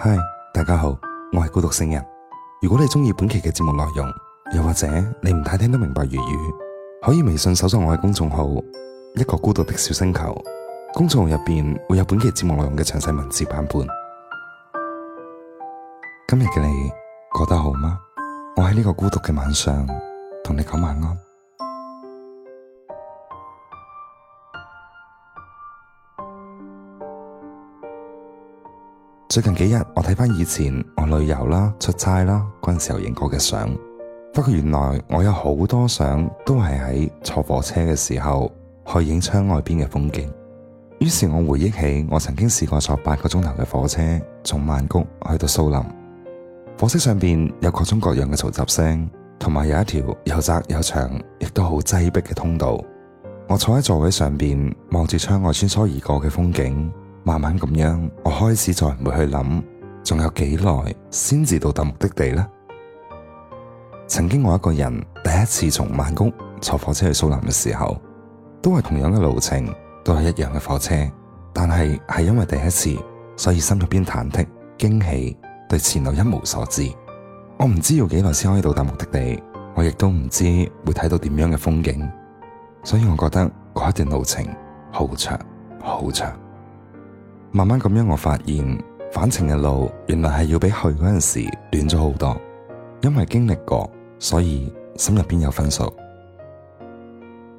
嗨，Hi，大家好，我係孤獨星人。如果你中意本期嘅節目內容，又或者你唔太聽得明白粵語，可以微信搜索我嘅公眾號一個孤獨的小星球，公眾號入邊會有本期節目內容嘅詳細文字版本。今日嘅你過得好嗎？我喺呢個孤獨嘅晚上同你講晚安。最近幾日，我睇返以前我旅遊啦、出差啦嗰陣時候影過嘅相。不過原來我有好多相都係喺坐火車嘅時候去影窗外邊嘅風景。於是我回憶起我曾經試過坐八個鐘頭嘅火車，從曼谷去到蘇林。火車上邊有各種各樣嘅嘈雜聲，同埋有一條又窄又長，亦都好擠迫嘅通道。我坐喺座位上邊，望住窗外穿梭而過嘅風景。慢慢咁樣，我開始再唔會去諗，仲有幾耐先至到達目的地呢？曾經我一個人第一次從曼谷坐火車去蘇南嘅時候，都係同樣嘅路程，都係一樣嘅火車，但係係因為第一次，所以心入邊忐忑、驚喜，對前路一無所知。我唔知要幾耐先可以到達目的地，我亦都唔知會睇到點樣嘅風景，所以我覺得嗰一段路程好長，好長。慢慢咁樣，我發現返程嘅路原來係要比去嗰陣時短咗好多。因為經歷過，所以心入邊有分數。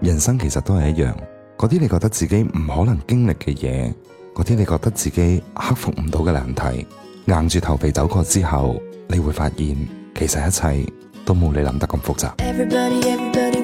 人生其實都係一樣，嗰啲你覺得自己唔可能經歷嘅嘢，嗰啲你覺得自己克服唔到嘅難題，硬住頭皮走過之後，你會發現其實一切都冇你諗得咁複雜。Everybody, everybody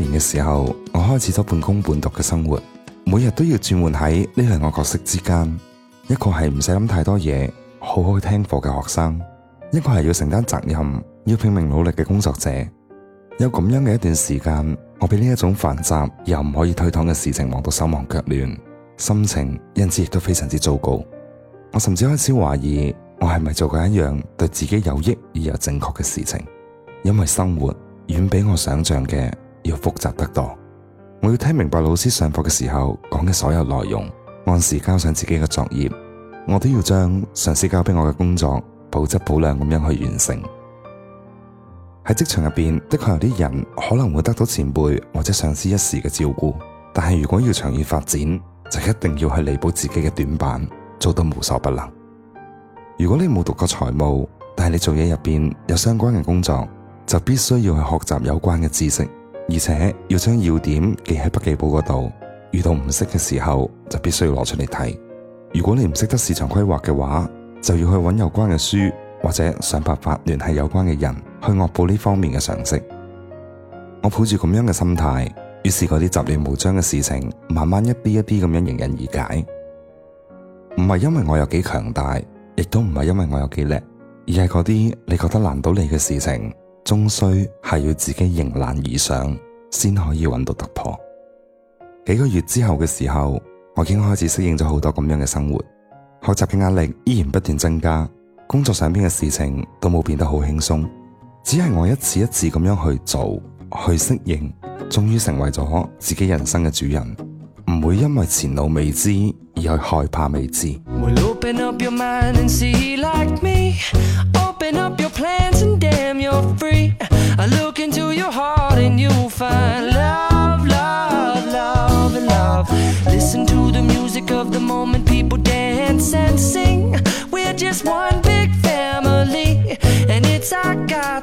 年嘅時候，我開始咗半工半讀嘅生活，每日都要轉換喺呢兩個角色之間，一個係唔使諗太多嘢，好好去聽課嘅學生；一個係要承擔責任，要拼命努力嘅工作者。有咁樣嘅一段時間，我被呢一種繁雜又唔可以推搪嘅事情忙到手忙腳亂，心情因此亦都非常之糟糕。我甚至開始懷疑，我係咪做過一樣對自己有益而又正確嘅事情，因為生活遠比我想象嘅要複雜得多。我要聽明白老師上課嘅時候講嘅所有內容，按時交上自己嘅作業。我都要將上司交俾我嘅工作，保質保量咁樣去完成。喺職場入邊，的確有啲人可能會得到前輩或者上司一時嘅照顧，但係如果要長遠發展，就一定要去彌補自己嘅短板，做到無所不能。如果你冇讀過財務，但係你做嘢入邊有相關嘅工作，就必須要去學習有關嘅知識。而且要將要點記喺筆記簿嗰度，遇到唔識嘅時候就必須要攞出嚟睇。如果你唔識得市場規劃嘅話，就要去揾有關嘅書，或者想辦法聯繫有關嘅人去惡補呢方面嘅常識。我抱住咁樣嘅心態，於是嗰啲雜亂無章嘅事情，慢慢一啲一啲咁樣迎刃而解。唔係因為我有幾強大，亦都唔係因為我有幾叻，而係嗰啲你覺得難到你嘅事情。終須係要自己迎難而上，先可以揾到突破。幾個月之後嘅時候，我已經開始適應咗好多咁樣嘅生活，學習嘅壓力依然不斷增加，工作上邊嘅事情都冇變得好輕鬆。只係我一次一次咁樣去做，去適應，終於成為咗自己人生嘅主人。唔會因為前路未知而去害怕未知。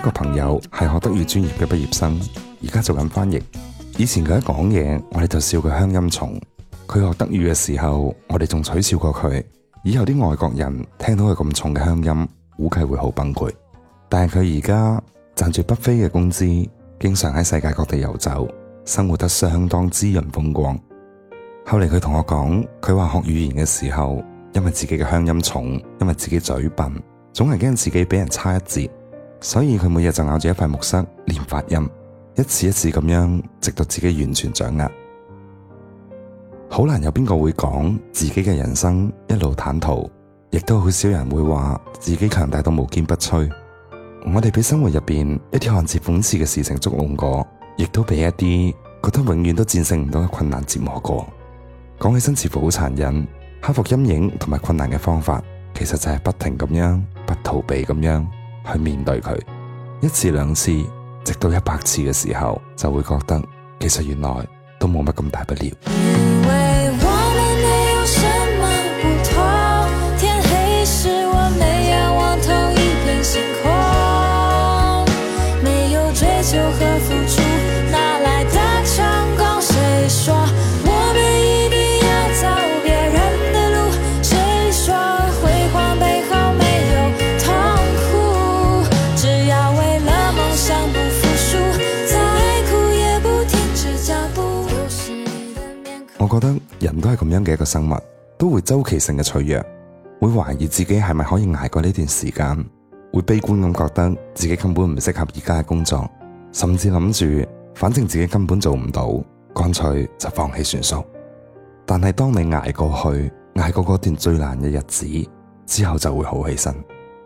一個朋友係學德語專業嘅畢業生，而家做緊翻譯。以前佢一講嘢，我哋就笑佢鄉音重。佢學德語嘅時候，我哋仲取笑過佢。以後啲外國人聽到佢咁重嘅鄉音，估計會好崩潰。但係佢而家賺住不菲嘅工資，經常喺世界各地遊走，生活得相當滋潤風光。後嚟佢同我講，佢話學語言嘅時候，因為自己嘅鄉音重，因為自己嘴笨，總係驚自己俾人差一截。所以佢每日就咬住一塊木塞練發音，一次一次咁樣，直到自己完全掌握。好難有邊個會講自己嘅人生一路坦途，亦都好少人會話自己強大到無堅不摧。我哋俾生活入邊一啲看似諷刺嘅事情捉弄過，亦都俾一啲覺得永遠都戰勝唔到嘅困難折磨過。講起身似乎好殘忍，克服陰影同埋困難嘅方法，其實就係不停咁樣，不逃避咁樣。去面對佢，一次兩次，直到一百次嘅時候，就會覺得其實原來都冇乜咁大不了。覺得人都係咁樣嘅一個生物，都會周期性嘅脆弱，會懷疑自己係咪可以挨過呢段時間，會悲觀咁覺得自己根本唔適合而家嘅工作，甚至諗住反正自己根本做唔到，乾脆就放棄算數。但係當你挨過去，挨過嗰段最難嘅日子之後，就會好起身，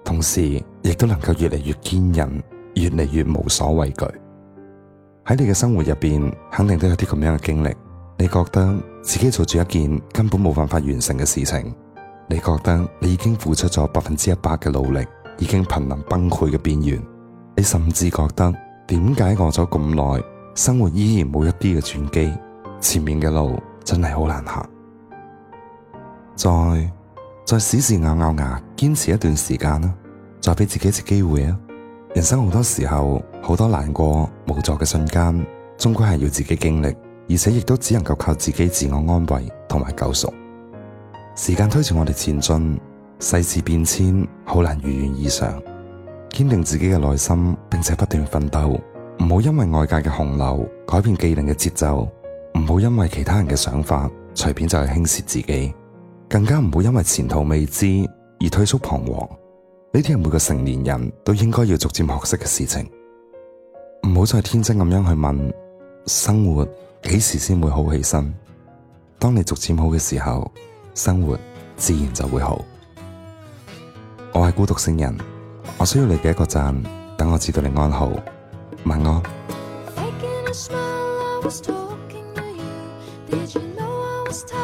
同時亦都能夠越嚟越堅韌，越嚟越無所畏懼。喺你嘅生活入邊，肯定都有啲咁樣嘅經歷，你覺得？自己做住一件根本冇辦法完成嘅事情，你覺得你已經付出咗百分之一百嘅努力，已經瀕臨崩潰嘅邊緣，你甚至覺得點解過咗咁耐，生活依然冇一啲嘅轉機，前面嘅路真係好難行。再再試試咬咬牙，堅持一段時間啦，再俾自己一次機會啊！人生好多時候，好多難過無助嘅瞬間，終歸係要自己經歷。而且亦都只能夠靠自己自我安慰同埋救贖。時間推住我哋前進，世事變遷，好難如願以償。堅定自己嘅內心，並且不斷奮鬥，唔好因為外界嘅洪流改變既定嘅節奏，唔好因為其他人嘅想法隨便就去輕視自己，更加唔好因為前途未知而退縮彷徨。呢啲係每個成年人都應該要逐漸學識嘅事情。唔好再天真咁樣去問生活。幾時先會好起身？當你逐漸好嘅時候，生活自然就會好。我係孤獨星人，我需要你嘅一個讚，等我知道你安好。晚安。